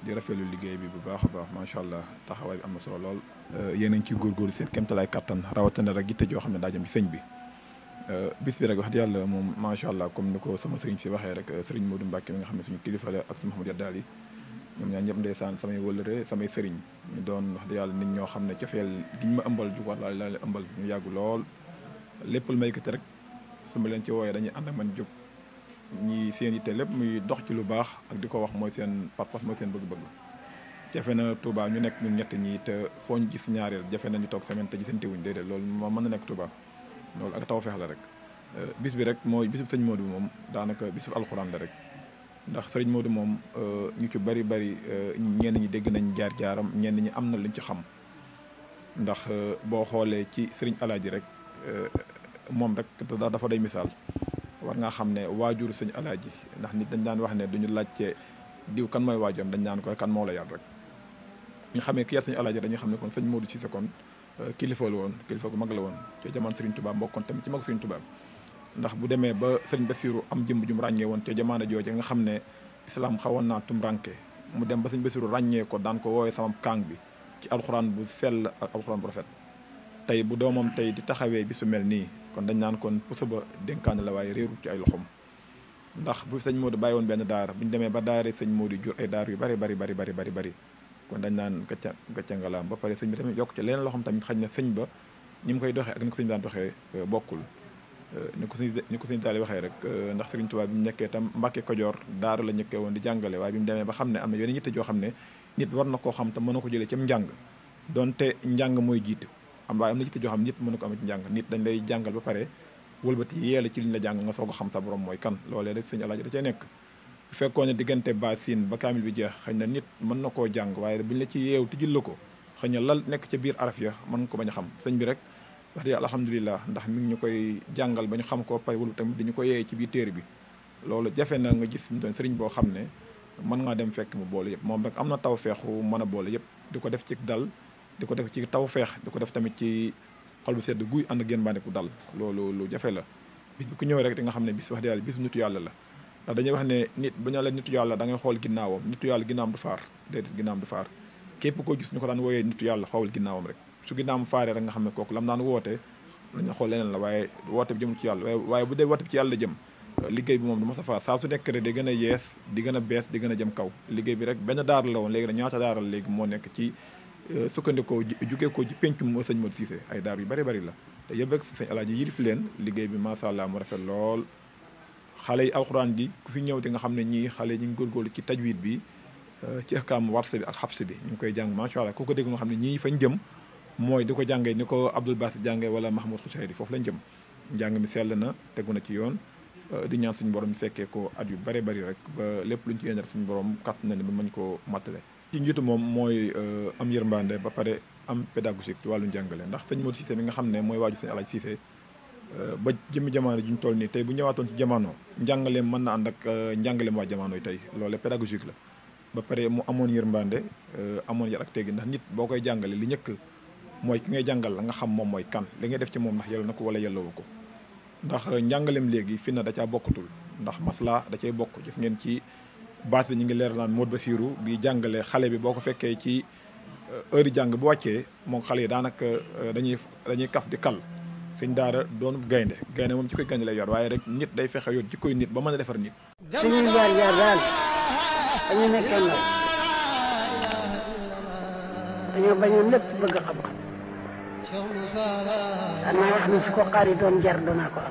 di rafetlu liggéey bi bu baax a baax macha allah taxawaay bi am na solo lool. Euh, yéen a ngi ciy góorgóorlu seen kéemtalaay kattan rawatina rek yitte joo xam ne daa jëm ci sëñ bi euh, bis bi rek wax di yàlla moom macha allah comme ni ko sama sëriñ si waxee rek euh, sëriñ Modou Mbacke mi nga xam ne suñu kilifa la ak si Mouhamadou Yaddaal yi ñoom ñaar ñëpp ndeysaan samay wëllëre samay sëriñ ñu doon wax di yàlla nit ñoo xam ne cafeel gi ñu ma ëmbal ju war laa la ëmbal ñu yàggu lool léppal lu may yëkkati rek su ma leen ci wooyee dañuy ànd ak man ñi seen yitte lépp muy dox ci lu baax ak di ko wax mooy seen pas-pas mooy seen bëgg-bëgg jafe na Touba ñu nekk ñun ñett ñi te foo ñu gis ñaareel jafe nañu ñu toog semaine te gisante wuñ déedéet loolu moom mën na nekk Touba loolu ak feex la rek euh, bis bi rek mooy bisub sëñ Modou moom daanaka bisub alxuraan la rek ndax sëriñ Modou moom euh, ñu ci bari bari euh, ñenn ñi dégg nañu jaar jaaram ñenn ñi am na lu luñ ci xam ndax boo xoolee ci sëriñ Alaaji rek moom rek dafa day misaal war nga xam ne waajur sëñ alaaji ndax nit dañ daan wax ne duñu laajte diw kan mooy waajoom dañ naan koy kan moo la yar rek ñu xamee ki yar sëñ alaaji dañuy xam kon sëñ Modou Cissé kon euh, kilifa la woon kilifa gu mag la ci jamono Serigne Touba mbokkoon tamit ci mag Serigne Touba ndax bu demee ba Serigne basiru am jëmb jum ràññee woon ca jamono nga islam xawoon na tum ranke mu dem ba Serigne Bassirou ràññee ko daan ko woowee sama kàng bi ci bu sel ak alxuraan bu bu doomam tey di kon dañ naan kon puso ba dénkaan la waaye réeru ci ay loxoom ndax bu fi sëñ Modou bàyyi woon benn daara bu ñu demee ba daara sëñ Modou jur ay daar yu bari bari bari bari bari bari kon dañ naan gàcca gàcca ngalaam ba pare sëñ bi tamit yokk ci leneen loo xam tamit xañ na sëñ ba ni mu koy doxee ak ni ko sëñ daan doxe euh, bokkul ni ko si ni ko sëñ daal di waxee rek euh, ndax Sëriñ Tuubaa bi mu nekkee tam Mbàkke Kajoor daaru la ñëkkee woon di jàngale waaye bi mu demee ba xam ne am na yeneen yitte joo xam ne nit war na koo xam te mën na ko jëlee ci njàng donte njàng mooy jiite am waaye am na jikko joo xam nit mënu ko am ci njàng nit dañ lay jàngal ba pare wëlbati yeela ci liñ la jàng nga soog a xam sa borom mooy kan loolee rek sëñ alaaji da cee nekk bu fekkoon ne diggante ba siin ba kaamil bi jeex xëy na nit mën na koo jàng waaye buñ la ci yeew tijjil la ko xëy lal nekk ca biir araf ya mën ko bañ a xam sëñ bi rek wax dëgg alhamdulilah ndax mi ngi ñu koy jàngal ba ñu xam ko pare wala tamit dañu ko yeeye ci biir téere bi loolu jafe na nga gis doon sëriñ boo xam ne mën dem fekk mu boole yëpp moom nag am na taw feexu mën a boole def ci dal di ko def ci taw feex di ko def tamit ci xol bu sedd guy ànd ak yéen bànneeku dal loolu lu jafe la bis ku ñëw rek di nga xam ne bis wax dëgg yàlla bisu nitu yàlla la ndax dañuy wax ne nit bu ñu la nitu yàlla da ngay xool ginnaawam nitu yàlla ginnaawam du faar déedéet ginnaawam du faar képp koo gis ñu ko daan wooyee nitu yàlla xool ginnaawam rek su ginnaawam faaree rek nga ne kooku lam daan wootee lañu xool leneen la waaye woote bi jëm ci yàlla waaye bu dee woote bi ci yàlla jëm liggéey bi moom du ma sa faar saa su nekk rek di gën a yees di gën a bees di gën a jëm kaw liggéey bi rek benn daara la woon léegi da ñaata daara léegi moo nekk ci Euh, sukkandikoo jugee ko ci pencum sëñ moo Cissé ay daar yu bari bari la te yëpp rek sëñ alaaji fi leen liggéey bi macha allah mu rafet lool xale yi alxuraan di ku fi ñëw di nga xam ne ñii xale ñu ngi góorgóorlu ci tajwid bi euh, ci ahkaam warsa bi ak xabs bi ñu ngi koy jàng macha allah ku ko dégg nga xam ne ñii fañ jëm mooy di ko jàngee ni ko Abdul Basit jàngee wala Mahmoud Khouchayri foofu lañ jëm njàng mi sell na tegu na ci yoon euh, di ñaan suñu borom fekkee ko at yu bari bari rek lépp luñ ci yéen suñu borom kàtt na ne ba mën koo mattale ci njiitu moom mooy euh, am yërmande ba pare am pédagogique ci wàllu njàngale ndax sëñ Modou Cissé bi nga xam ne mooy waaju sëñ Alaaji Cissé euh, ba jëmmi jamono ji ñu toll nii tey bu ñëwaatoon ci jamono njàngaleem mën na ànd ak euh, jamono yi tey loole pédagogique la ba pare mu amoon yërmande amoon yar ak teggin ndax nit boo koy jàngale li njëkk mooy ki ngay jàngal la nga xam moom mooy kan li ngay def ci moom ndax yàlla na ko wala yàllawu ko ndax njàngaleem léegi fi na da caa bokkatul ndax masla da cay bokk gis ngeen ci baas bi ñu ngi leer naan Modou Bassirou bi jàngalee xale bi boo ko fekkee ci euh, heure jàng bu wàccee moom xale yi daanaka euh, dañuy dañuy kaf di kal sëñ daara doon gaynde gaynde moom ci koy gaynde lay yor waaye rek nit day fexe yor ci koy nit ba mën a defar nit suñuy jaar jaar daal dañu nekkoon la dañoo bañoon lépp bëgg xam-xam daan naa wax ne su ko xaari doon jar doonaa ko am